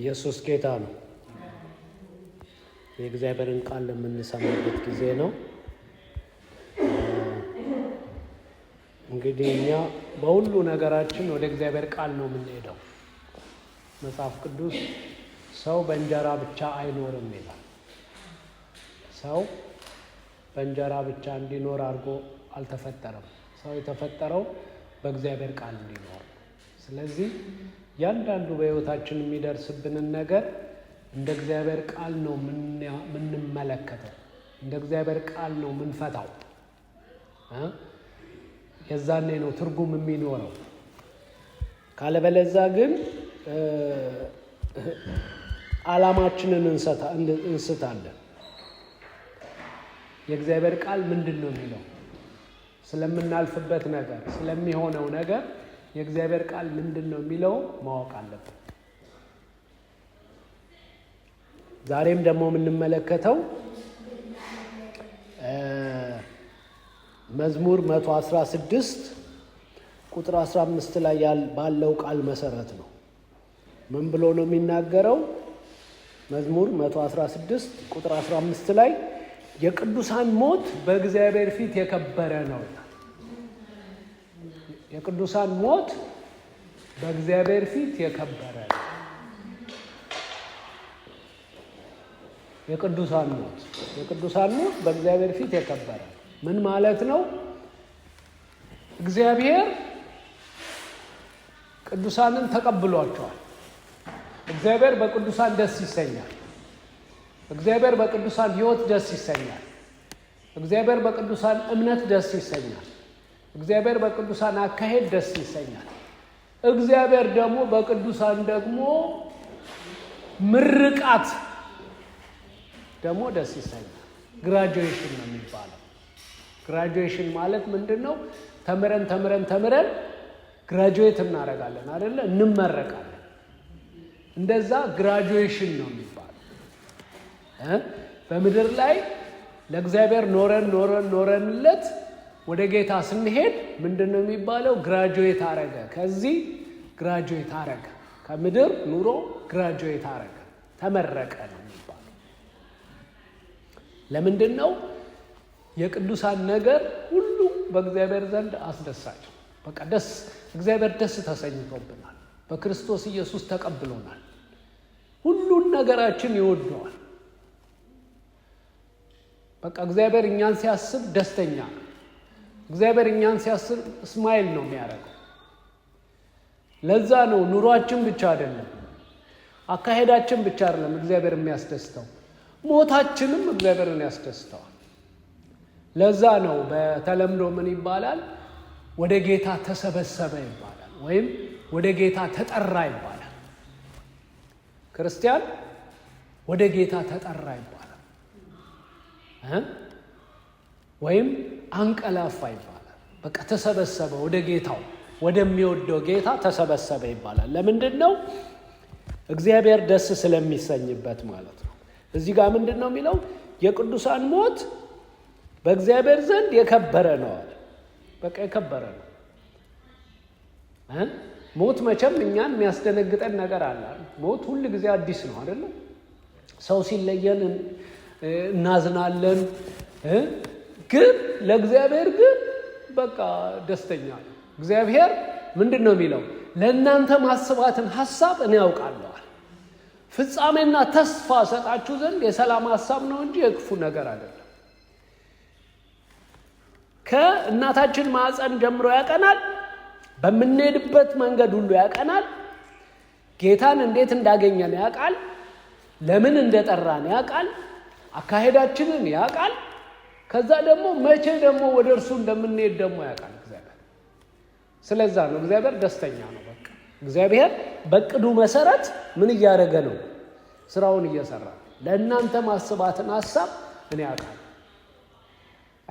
ኢየሱስ ጌታ ነው። የእግዚአብሔርን ቃል የምንሰማበት ጊዜ ነው። እንግዲህ እኛ በሁሉ ነገራችን ወደ እግዚአብሔር ቃል ነው የምንሄደው። መጽሐፍ ቅዱስ ሰው በእንጀራ ብቻ አይኖርም ይላል። ሰው በእንጀራ ብቻ እንዲኖር አድርጎ አልተፈጠረም። ሰው የተፈጠረው በእግዚአብሔር ቃል እንዲኖር። ስለዚህ እያንዳንዱ በህይወታችን የሚደርስብንን ነገር እንደ እግዚአብሔር ቃል ነው የምንመለከተው። እንደ እግዚአብሔር ቃል ነው ምንፈታው? የዛኔ ነው ትርጉም የሚኖረው። ካለበለዛ ግን አላማችንን እንስታለን። የእግዚአብሔር ቃል ምንድን ነው የሚለው ስለምናልፍበት ነገር ስለሚሆነው ነገር የእግዚአብሔር ቃል ምንድን ነው የሚለው ማወቅ አለብን። ዛሬም ደግሞ የምንመለከተው መዝሙር 116 ቁጥር 15 ላይ ባለው ቃል መሰረት ነው። ምን ብሎ ነው የሚናገረው? መዝሙር 116 ቁጥር 15 ላይ የቅዱሳን ሞት በእግዚአብሔር ፊት የከበረ ነው። የቅዱሳን ሞት በእግዚአብሔር ፊት የከበረ የቅዱሳን ሞት የቅዱሳን ሞት በእግዚአብሔር ፊት የከበረ ምን ማለት ነው? እግዚአብሔር ቅዱሳንን ተቀብሏቸዋል። እግዚአብሔር በቅዱሳን ደስ ይሰኛል። እግዚአብሔር በቅዱሳን ህይወት ደስ ይሰኛል። እግዚአብሔር በቅዱሳን እምነት ደስ ይሰኛል። እግዚአብሔር በቅዱሳን አካሄድ ደስ ይሰኛል። እግዚአብሔር ደግሞ በቅዱሳን ደግሞ ምርቃት ደግሞ ደስ ይሰኛል። ግራጁዌሽን ነው የሚባለው። ግራጁዌሽን ማለት ምንድን ነው? ተምረን ተምረን ተምረን ግራጁዌት እናደርጋለን አይደለ? እንመረቃለን። እንደዛ ግራጁዌሽን ነው የሚባለው። በምድር ላይ ለእግዚአብሔር ኖረን ኖረን ኖረንለት ወደ ጌታ ስንሄድ ምንድን ነው የሚባለው? ግራጁዌት አረገ። ከዚህ ግራጁዌት አረገ፣ ከምድር ኑሮ ግራጁዌት አረገ፣ ተመረቀ ነው የሚባለው። ለምንድን ነው የቅዱሳን ነገር ሁሉ በእግዚአብሔር ዘንድ አስደሳች በቃ ደስ እግዚአብሔር ደስ ተሰኝቶብናል። በክርስቶስ ኢየሱስ ተቀብሎናል። ሁሉን ነገራችን ይወደዋል። በቃ እግዚአብሔር እኛን ሲያስብ ደስተኛ ነው። እግዚአብሔር እኛን ሲያስብ እስማኤል ነው የሚያደርገው። ለዛ ነው ኑሯችን ብቻ አይደለም፣ አካሄዳችን ብቻ አይደለም እግዚአብሔር የሚያስደስተው፣ ሞታችንም እግዚአብሔርን ያስደስተዋል። ለዛ ነው በተለምዶ ምን ይባላል? ወደ ጌታ ተሰበሰበ ይባላል፣ ወይም ወደ ጌታ ተጠራ ይባላል። ክርስቲያን ወደ ጌታ ተጠራ ይባላል ወይም አንቀላፋ ይባላል። በቃ ተሰበሰበ፣ ወደ ጌታው ወደሚወደው ጌታ ተሰበሰበ ይባላል። ለምንድን ነው? እግዚአብሔር ደስ ስለሚሰኝበት ማለት ነው። እዚህ ጋር ምንድን ነው የሚለው? የቅዱሳን ሞት በእግዚአብሔር ዘንድ የከበረ ነው አለ። በቃ የከበረ ነው። ሞት መቼም እኛን የሚያስደነግጠን ነገር አለ። ሞት ሁል ጊዜ አዲስ ነው አይደለም? ሰው ሲለየን እናዝናለን። ግን ለእግዚአብሔር ግን በቃ ደስተኛ ነው። እግዚአብሔር ምንድን ነው የሚለው? ለእናንተ ማስባትን ሀሳብ እኔ ያውቃለዋል። ፍጻሜና ተስፋ ሰጣችሁ ዘንድ የሰላም ሀሳብ ነው እንጂ የክፉ ነገር አይደለም። ከእናታችን ማዕፀን ጀምሮ ያቀናል። በምንሄድበት መንገድ ሁሉ ያቀናል። ጌታን እንዴት እንዳገኘን ያውቃል። ለምን እንደጠራን ያውቃል። አካሄዳችንን ያቃል? ከዛ ደግሞ መቼ ደግሞ ወደ እርሱ እንደምንሄድ ደግሞ ያውቃል እግዚአብሔር። ስለዛ ነው እግዚአብሔር ደስተኛ ነው። በቃ እግዚአብሔር በቅዱ መሰረት ምን እያደረገ ነው? ስራውን እየሰራ ለእናንተ ማስባትን ሀሳብ እኔ ያውቃል።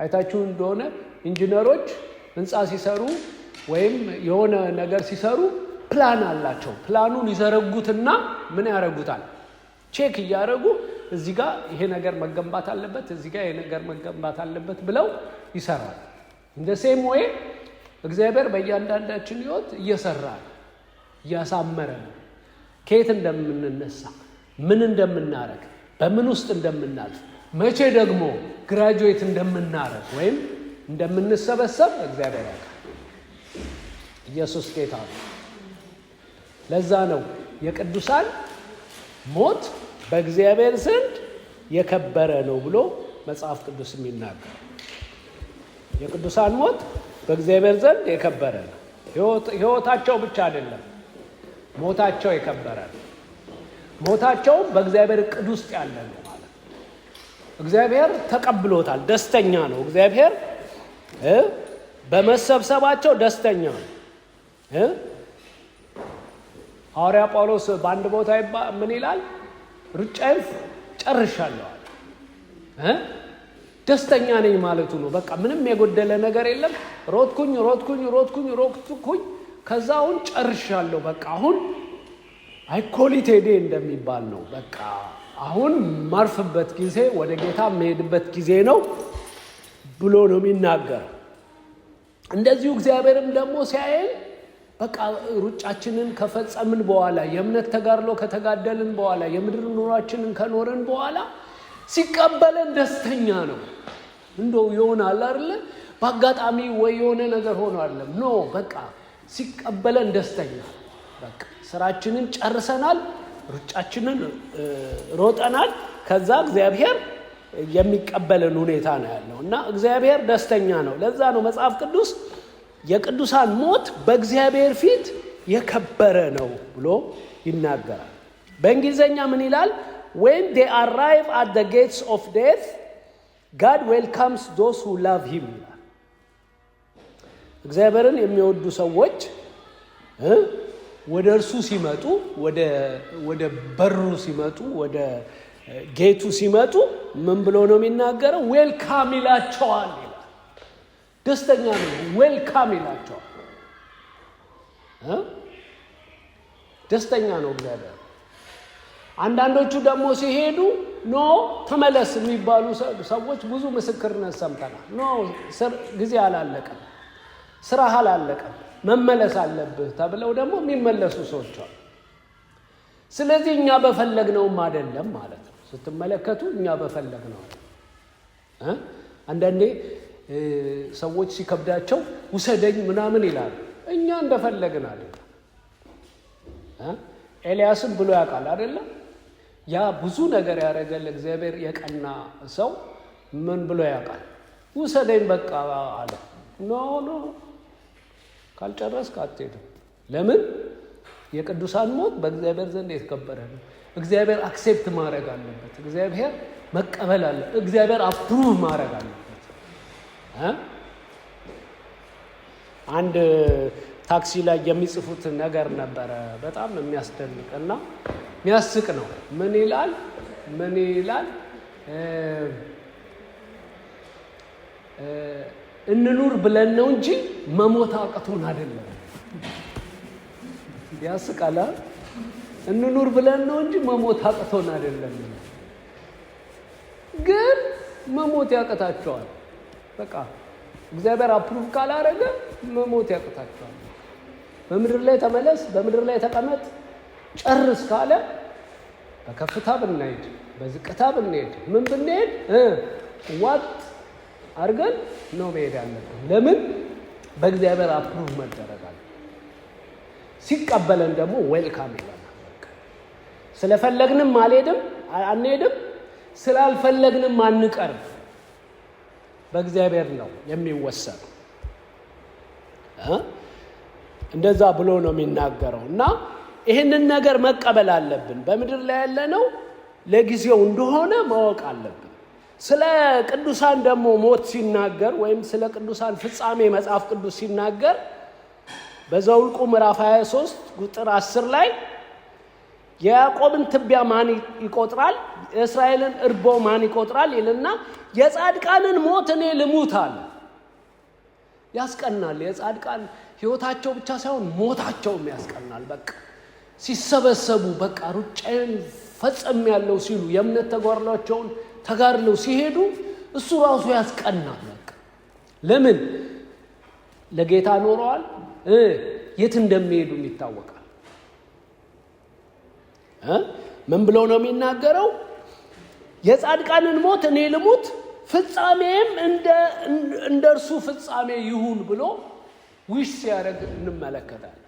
አይታችሁ እንደሆነ ኢንጂነሮች ህንፃ ሲሰሩ ወይም የሆነ ነገር ሲሰሩ ፕላን አላቸው። ፕላኑን ይዘረጉትና ምን ያደረጉታል? ቼክ እያደረጉ እዚህ ጋር ይሄ ነገር መገንባት አለበት፣ እዚህ ጋር ይሄ ነገር መገንባት አለበት ብለው ይሰራል። እንደ ሴም ወይ እግዚአብሔር በእያንዳንዳችን ህይወት እየሰራ እያሳመረ ከየት እንደምንነሳ፣ ምን እንደምናረግ፣ በምን ውስጥ እንደምናልፍ፣ መቼ ደግሞ ግራጁዌት እንደምናረግ ወይም እንደምንሰበሰብ እግዚአብሔር ያውቃል። ኢየሱስ ጌታ ነው። ለዛ ነው የቅዱሳን ሞት በእግዚአብሔር ዘንድ የከበረ ነው ብሎ መጽሐፍ ቅዱስ የሚናገር የቅዱሳን ሞት በእግዚአብሔር ዘንድ የከበረ ነው። ህይወታቸው ብቻ አይደለም፣ ሞታቸው የከበረ ነው። ሞታቸው በእግዚአብሔር እቅድ ውስጥ ያለ ነው ማለት እግዚአብሔር ተቀብሎታል፣ ደስተኛ ነው። እግዚአብሔር በመሰብሰባቸው ደስተኛ ነው። ሐዋርያ ጳውሎስ በአንድ ቦታ ምን ይላል? ሩጫዬን ጨርሻለሁ እ ደስተኛ ነኝ ማለቱ ነው። በቃ ምንም የጎደለ ነገር የለም። ሮጥኩኝ ሮጥኩኝ ሮጥኩኝ ሮጥኩኝ ከዛ አሁን ጨርሻለሁ። በቃ አሁን አይኮሊቴዴ እንደሚባል ነው። በቃ አሁን ማርፍበት ጊዜ ወደ ጌታ የምሄድበት ጊዜ ነው ብሎ ነው የሚናገር። እንደዚሁ እግዚአብሔርም ደግሞ ሲያየን በቃ ሩጫችንን ከፈጸምን በኋላ የእምነት ተጋድሎ ከተጋደልን በኋላ የምድር ኑሯችንን ከኖርን በኋላ ሲቀበለን ደስተኛ ነው። እንደው ይሆናል አይደለ? በአጋጣሚ ወይ የሆነ ነገር ሆኖ አይደለም። ኖ በቃ ሲቀበለን ደስተኛ በቃ ስራችንን ጨርሰናል፣ ሩጫችንን ሮጠናል። ከዛ እግዚአብሔር የሚቀበልን ሁኔታ ነው ያለው እና እግዚአብሔር ደስተኛ ነው። ለዛ ነው መጽሐፍ ቅዱስ የቅዱሳን ሞት በእግዚአብሔር ፊት የከበረ ነው ብሎ ይናገራል። በእንግሊዝኛ ምን ይላል? ዌን ዴ አራይቭ አት ደ ጌትስ ኦፍ ዴት ጋድ ዌልካምስ ዶስ ሁ ላቭ ሂም ይላል። እግዚአብሔርን የሚወዱ ሰዎች ወደ እርሱ ሲመጡ ወደ በሩ ሲመጡ ወደ ጌቱ ሲመጡ ምን ብሎ ነው የሚናገረው? ዌልካም ይላቸዋል። ደስተኛ ነው። ዌልካም ይላቸዋል። ደስተኛ ነው እግዚአብሔር። አንዳንዶቹ ደግሞ ሲሄዱ ኖ ተመለስ የሚባሉ ሰዎች ብዙ ምስክርነት ሰምተናል። ኖ ጊዜ አላለቀም፣ ስራህ አላለቀም፣ መመለስ አለብህ ተብለው ደግሞ የሚመለሱ ሰዎች አሉ። ስለዚህ እኛ በፈለግነውም አይደለም ማለት ነው። ስትመለከቱ እኛ በፈለግነው አንዳንዴ ሰዎች ሲከብዳቸው ውሰደኝ ምናምን ይላሉ። እኛ እንደፈለግን አይደለም። ኤልያስም ብሎ ያውቃል አይደለም። ያ ብዙ ነገር ያደረገ ለእግዚአብሔር የቀና ሰው ምን ብሎ ያውቃል? ውሰደኝ በቃ አለ። ኖ ኖ፣ ካልጨረስክ አትሄድም። ለምን? የቅዱሳን ሞት በእግዚአብሔር ዘንድ የተከበረ ነው። እግዚአብሔር አክሴፕት ማድረግ አለበት። እግዚአብሔር መቀበል አለ። እግዚአብሔር አፕሩቭ ማድረግ አለበት። አንድ ታክሲ ላይ የሚጽፉት ነገር ነበረ። በጣም የሚያስደንቅ እና የሚያስቅ ነው። ምን ይላል? ምን ይላል? እንኑር ብለን ነው እንጂ መሞት አቅቶን አይደለም። ያስቃል። እንኑር ብለን ነው እንጂ መሞት አቅቶን አይደለም። ግን መሞት ያቅታቸዋል። በቃ እግዚአብሔር አፕሩቭ ካላደረገ መሞት ያቅታቸዋል። በምድር ላይ ተመለስ፣ በምድር ላይ ተቀመጥ፣ ጨርስ ካለ በከፍታ ብንሄድ፣ በዝቅታ ብንሄድ፣ ምን ብንሄድ ዋጥ አድርገን ነው መሄድ ያለብን። ለምን በእግዚአብሔር አፕሩቭ መደረጋል። ሲቀበለን ደግሞ ዌልካም ይለናል። ስለፈለግንም አልሄድም አንሄድም፣ ስላልፈለግንም አንቀርም። በእግዚአብሔር ነው የሚወሰን። እንደዛ ብሎ ነው የሚናገረው እና ይህንን ነገር መቀበል አለብን። በምድር ላይ ያለነው ለጊዜው እንደሆነ ማወቅ አለብን። ስለ ቅዱሳን ደግሞ ሞት ሲናገር ወይም ስለ ቅዱሳን ፍጻሜ መጽሐፍ ቅዱስ ሲናገር በዘውልቁ ምዕራፍ 23 ቁጥር 10 ላይ የያዕቆብን ትቢያ ማን ይቆጥራል? እስራኤልን እርቦ ማን ይቆጥራል ይልና የጻድቃንን ሞት እኔ ልሙት አለ። ያስቀናል። የጻድቃን ህይወታቸው ብቻ ሳይሆን ሞታቸውም ያስቀናል። በቃ ሲሰበሰቡ በቃ ሩጫን ፈጸም ያለው ሲሉ የእምነት ተጓድሏቸውን ተጋድለው ሲሄዱ እሱ ራሱ ያስቀናል። በቃ ለምን ለጌታ ኖረዋል። የት እንደሚሄዱም ይታወቃል። ምን ብለው ነው የሚናገረው? የጻድቃንን ሞት እኔ ልሙት ፍጻሜም እንደ እርሱ ፍጻሜ ይሁን ብሎ ዊሽ ሲያደርግ እንመለከታለን።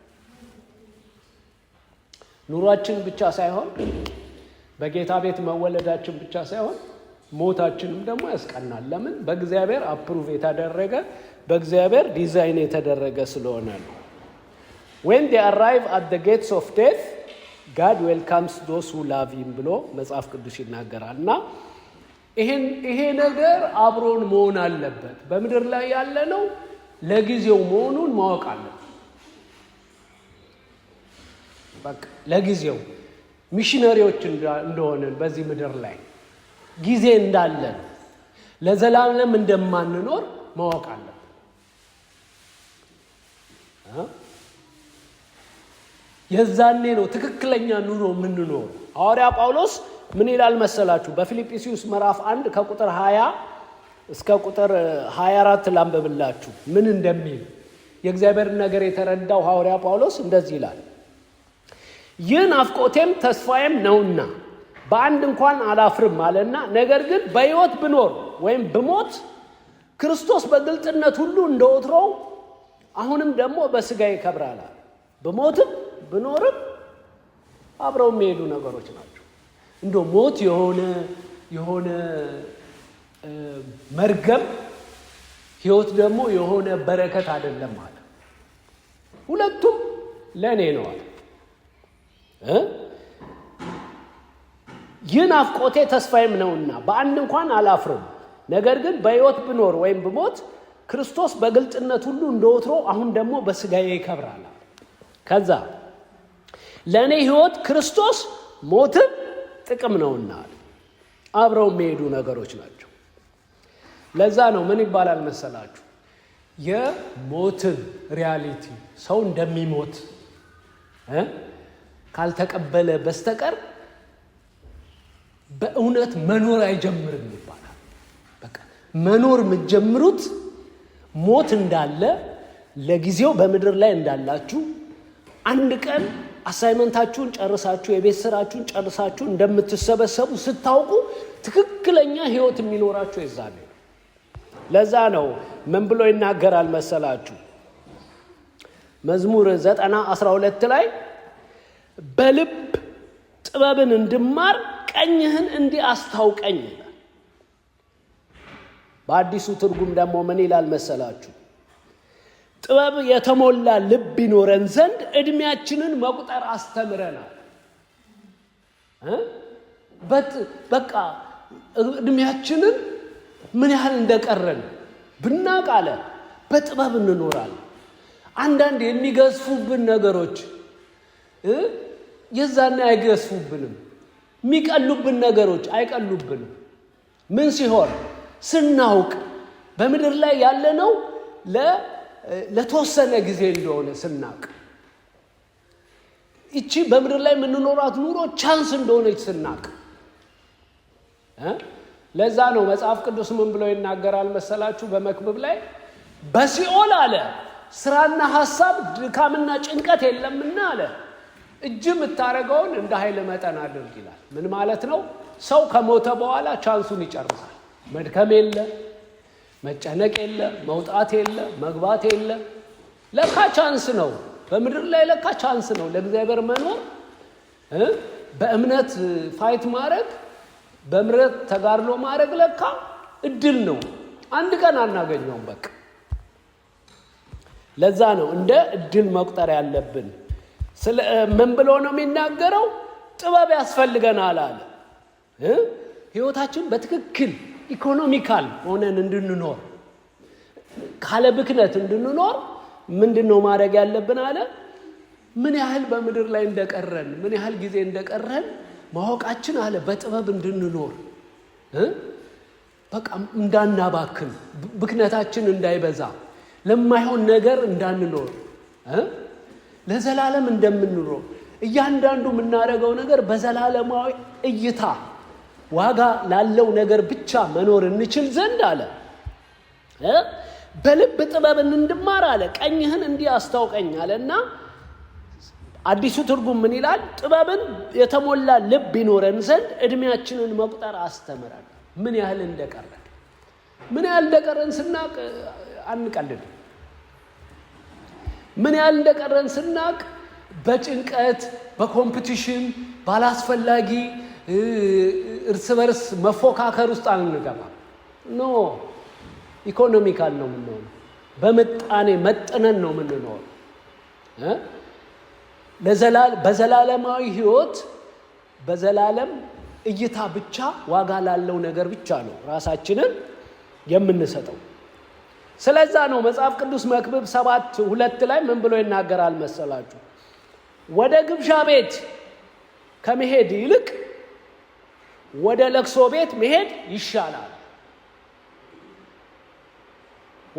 ኑሯችን ብቻ ሳይሆን በጌታ ቤት መወለዳችን ብቻ ሳይሆን ሞታችንም ደግሞ ያስቀናል። ለምን? በእግዚአብሔር አፕሩቭ የተደረገ በእግዚአብሔር ዲዛይን የተደረገ ስለሆነ ነው። ዌን ዴ አራይቭ አት ጌትስ ኦፍ ዴት ጋድ ዌልካምስ ዶስ ሁ ላቭ ብሎ መጽሐፍ ቅዱስ ይናገራል እና ይሄ ነገር አብሮን መሆን አለበት። በምድር ላይ ያለነው ለጊዜው መሆኑን ማወቅ አለበት። ለጊዜው ሚሽነሪዎች እንደሆነን በዚህ ምድር ላይ ጊዜ እንዳለን ለዘላለም እንደማንኖር ማወቅ አለብን። የዛኔ ነው ትክክለኛ ኑሮ የምንኖር። ሐዋርያ ጳውሎስ ምን ይላል መሰላችሁ? በፊልጵስዩስ ምዕራፍ አንድ ከቁጥር 20 እስከ ቁጥር 24 ላንበብላችሁ ምን እንደሚል የእግዚአብሔር ነገር የተረዳው ሐዋርያ ጳውሎስ እንደዚህ ይላል። ይህ ናፍቆቴም ተስፋዬም ነውና በአንድ እንኳን አላፍርም አለና፣ ነገር ግን በሕይወት ብኖር ወይም ብሞት ክርስቶስ በግልጥነት ሁሉ እንደወትሮው አሁንም ደግሞ በስጋ ይከብራላል። ብሞትም ብኖርም አብረው የሚሄዱ ነገሮች ናቸው። እንደ ሞት የሆነ የሆነ መርገም ህይወት ደግሞ የሆነ በረከት አይደለም አለ። ሁለቱም ለእኔ ነው አለ። ይህ ናፍቆቴ ተስፋዬም ነውና በአንድ እንኳን አላፍርም። ነገር ግን በሕይወት ብኖር ወይም ብሞት ክርስቶስ በግልጥነት ሁሉ እንደ ወትሮ አሁን ደግሞ በስጋዬ ይከብራል። ከዛ ለእኔ ህይወት ክርስቶስ ሞትም ጥቅም ነውና አብረው የሚሄዱ ነገሮች ናቸው። ለዛ ነው ምን ይባላል መሰላችሁ የሞትን ሪያሊቲ ሰው እንደሚሞት ካልተቀበለ በስተቀር በእውነት መኖር አይጀምርም ይባላል። በቃ መኖር የምትጀምሩት ሞት እንዳለ ለጊዜው በምድር ላይ እንዳላችሁ አንድ ቀን አሳይመንታችሁን ጨርሳችሁ የቤት ስራችሁን ጨርሳችሁ እንደምትሰበሰቡ ስታውቁ ትክክለኛ ህይወት የሚኖራችሁ የዛኔ። ለዛ ነው ምን ብሎ ይናገራል መሰላችሁ? መዝሙር ዘጠና አስራ ሁለት ላይ በልብ ጥበብን እንድማር ቀኝህን እንዲህ አስታውቀኝ ይላል። በአዲሱ ትርጉም ደግሞ ምን ይላል መሰላችሁ? ጥበብ የተሞላ ልብ ይኖረን ዘንድ እድሜያችንን መቁጠር አስተምረናል። በቃ እድሜያችንን ምን ያህል እንደቀረን ብናቅ አለ በጥበብ እንኖራለን። አንዳንድ የሚገዝፉብን ነገሮች የዛን አይገዝፉብንም። የሚቀሉብን ነገሮች አይቀሉብንም። ምን ሲሆን ስናውቅ በምድር ላይ ያለነው ለተወሰነ ጊዜ እንደሆነ ስናቅ እቺ በምድር ላይ የምንኖራት ኑሮ ቻንስ እንደሆነች ስናቅ ለዛ ነው መጽሐፍ ቅዱስ ምን ብሎ ይናገራል መሰላችሁ? በመክብብ ላይ በሲኦል አለ ስራና ሀሳብ ድካምና ጭንቀት የለምና አለ እጅ የምታደርገውን እንደ ኃይል መጠን አድርግ ይላል። ምን ማለት ነው? ሰው ከሞተ በኋላ ቻንሱን ይጨርሳል። መድከም የለ መጨነቅ የለ፣ መውጣት የለ፣ መግባት የለ። ለካ ቻንስ ነው። በምድር ላይ ለካ ቻንስ ነው ለእግዚአብሔር መኖር፣ በእምነት ፋይት ማድረግ፣ በምረት ተጋድሎ ማድረግ ለካ እድል ነው። አንድ ቀን አናገኘውም። በቅ ለዛ ነው እንደ እድል መቁጠር ያለብን። ምን ብሎ ነው የሚናገረው? ጥበብ ያስፈልገናል አለ። ህይወታችን በትክክል ኢኮኖሚካል ሆነን እንድንኖር ካለ ብክነት እንድንኖር ምንድን ነው ማድረግ ያለብን አለ። ምን ያህል በምድር ላይ እንደቀረን ምን ያህል ጊዜ እንደቀረን ማወቃችን አለ በጥበብ እንድንኖር በቃ እንዳናባክን ብክነታችን እንዳይበዛ ለማይሆን ነገር እንዳንኖር ለዘላለም እንደምንኖር እያንዳንዱ የምናደርገው ነገር በዘላለማዊ እይታ ዋጋ ላለው ነገር ብቻ መኖር እንችል ዘንድ አለ። በልብ ጥበብን እንድማር አለ። ቀኝህን እንዲህ አስታውቀኝ እና አዲሱ ትርጉም ምን ይላል? ጥበብን የተሞላ ልብ ይኖረን ዘንድ እድሜያችንን መቁጠር አስተምረን። ምን ያህል እንደቀረን ምን ያህል እንደቀረን ስናቅ አንቀልድ። ምን ያህል እንደቀረን ስናቅ በጭንቀት በኮምፕቲሽን ባላስፈላጊ እርስ በርስ መፎካከር ውስጥ አንገባም። ኖ ኢኮኖሚካል ነው የምንሆነው። በምጣኔ መጥነን ነው የምንኖር። በዘላለማዊ ህይወት በዘላለም እይታ ብቻ ዋጋ ላለው ነገር ብቻ ነው ራሳችንን የምንሰጠው። ስለዛ ነው መጽሐፍ ቅዱስ መክብብ ሰባት ሁለት ላይ ምን ብሎ ይናገራል መሰላችሁ? ወደ ግብዣ ቤት ከመሄድ ይልቅ ወደ ለቅሶ ቤት መሄድ ይሻላል።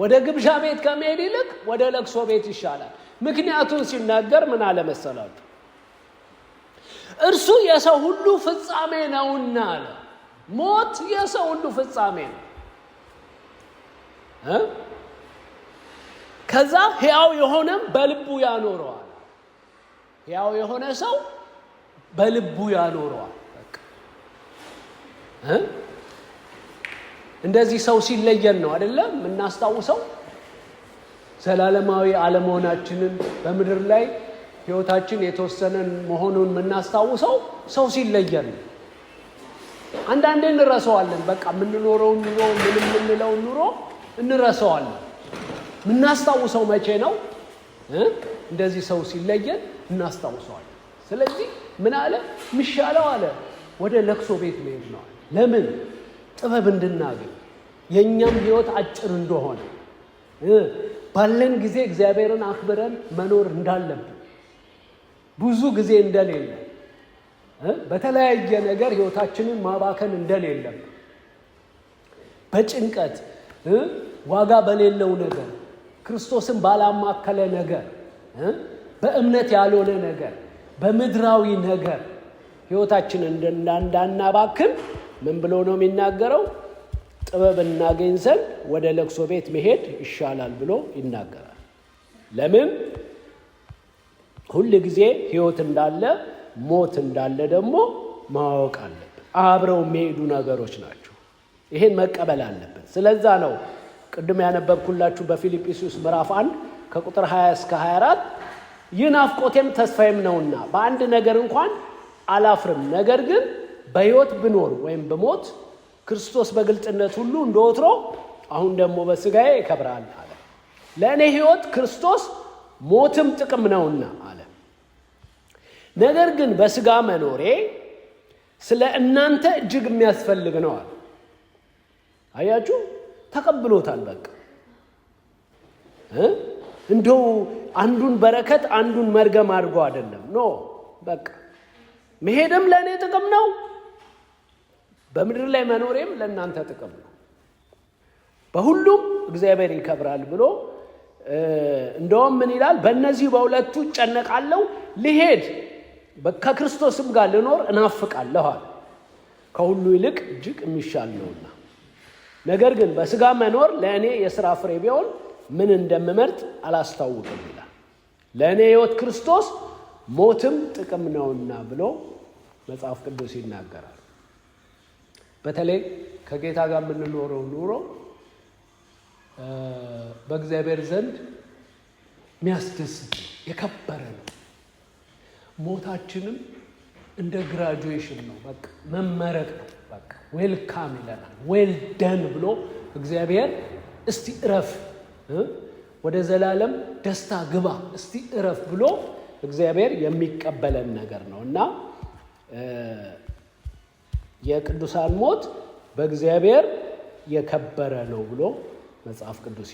ወደ ግብዣ ቤት ከመሄድ ይልቅ ወደ ለቅሶ ቤት ይሻላል። ምክንያቱን ሲናገር ምን አለ መሰላችሁ? እርሱ የሰው ሁሉ ፍጻሜ ነውና አለ። ሞት የሰው ሁሉ ፍጻሜ ነው። ከዛ ሕያው የሆነም በልቡ ያኖረዋል። ሕያው የሆነ ሰው በልቡ ያኖረዋል። እንደዚህ ሰው ሲለየን ነው አይደለም የምናስታውሰው ዘላለማዊ አለመሆናችንን በምድር ላይ ህይወታችን የተወሰነን መሆኑን የምናስታውሰው ሰው ሲለየን ነው። አንዳንዴ እንረሰዋለን። በቃ የምንኖረውን ኑሮ ምንም የምንለውን ኑሮ እንረሰዋለን። የምናስታውሰው መቼ ነው? እንደዚህ ሰው ሲለየን እናስታውሰዋለን። ስለዚህ ምን አለ ምሻለው አለ ወደ ለክሶ ቤት መሄድ ነዋል ለምን ጥበብ እንድናገኝ የእኛም ህይወት አጭር እንደሆነ ባለን ጊዜ እግዚአብሔርን አክብረን መኖር እንዳለብን ብዙ ጊዜ እንደሌለ በተለያየ ነገር ህይወታችንን ማባከን እንደሌለም በጭንቀት ዋጋ በሌለው ነገር ክርስቶስን ባላማከለ ነገር በእምነት ያልሆነ ነገር በምድራዊ ነገር ህይወታችንን እንዳናባክን ምን ብሎ ነው የሚናገረው? ጥበብ እናገኝ ዘንድ ወደ ለቅሶ ቤት መሄድ ይሻላል ብሎ ይናገራል። ለምን? ሁል ጊዜ ህይወት እንዳለ ሞት እንዳለ ደግሞ ማወቅ አለብን። አብረው የሚሄዱ ነገሮች ናቸው። ይህን መቀበል አለብን። ስለዛ ነው ቅድም ያነበብኩላችሁ በፊልጵስዩስ ምዕራፍ 1 ከቁጥር 20 እስከ 24 ይህ ናፍቆቴም ተስፋዬም ነውና በአንድ ነገር እንኳን አላፍርም ነገር ግን በሕይወት ብኖር ወይም ብሞት ክርስቶስ በግልጥነት ሁሉ እንደ ወትሮ አሁን ደግሞ በስጋዬ ይከብራል አለ። ለእኔ ሕይወት ክርስቶስ ሞትም ጥቅም ነውና አለ። ነገር ግን በስጋ መኖሬ ስለ እናንተ እጅግ የሚያስፈልግ ነው አለ። አያችሁ፣ ተቀብሎታል። በቃ እንደው አንዱን በረከት አንዱን መርገም አድርጎ አይደለም። ኖ በቃ መሄድም ለእኔ ጥቅም ነው በምድር ላይ መኖሬም ለእናንተ ጥቅም ነው፣ በሁሉም እግዚአብሔር ይከብራል ብሎ እንደውም ምን ይላል? በእነዚህ በሁለቱ እጨነቃለሁ፣ ልሄድ ከክርስቶስም ጋር ልኖር እናፍቃለሁ አለ። ከሁሉ ይልቅ እጅግ የሚሻል ነውና፣ ነገር ግን በስጋ መኖር ለእኔ የሥራ ፍሬ ቢሆን ምን እንደምመርጥ አላስታውቅም ይላል። ለእኔ ህይወት ክርስቶስ ሞትም ጥቅም ነውና ብሎ መጽሐፍ ቅዱስ ይናገራል። በተለይ ከጌታ ጋር የምንኖረው ኑሮ በእግዚአብሔር ዘንድ የሚያስደስት የከበረ ነው። ሞታችንም እንደ ግራጁዌሽን ነው። በቃ መመረቅ ነው። በቃ ዌልካም ይለናል። ደን ብሎ እግዚአብሔር እስቲ እረፍ፣ ወደ ዘላለም ደስታ ግባ፣ እስቲ እረፍ ብሎ እግዚአብሔር የሚቀበለን ነገር ነው እና የቅዱሳን ሞት በእግዚአብሔር የከበረ ነው ብሎ መጽሐፍ ቅዱስ